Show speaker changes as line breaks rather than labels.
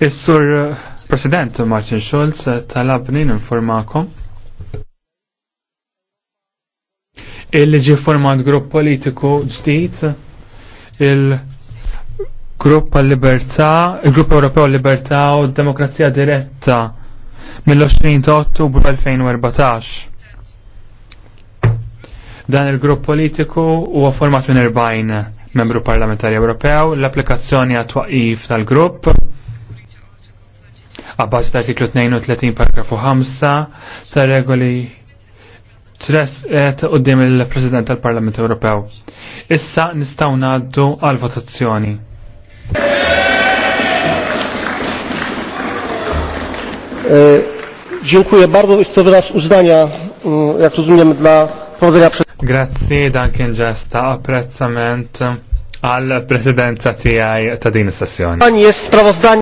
Is-sur President Martin Schulz talabni ninformakom il ġi format grupp politiku ġdid il-grupp libertà il-grupp Ewropew libertà u demokrazija diretta mill-20 ta' ottubru 2014. Dan il-grupp politiku huwa format minn 40 membru parlamentari Ewropew, l-applikazzjoni għat-twaqif tal-grupp għabbaż ta' artiklu 32 paragrafu 5 ta' regoli u dim il-President tal-Parlament Ewropew. Issa nistaw naddu għal votazzjoni.
E, dziękuję bardzo. Jest to wyraz uznania,
mm, jak rozumiem, dla prowadzenia przez... Grazie, dan kien ġesta apprezzament al presidenza tiegħi ta' din
jest sprawozdanie...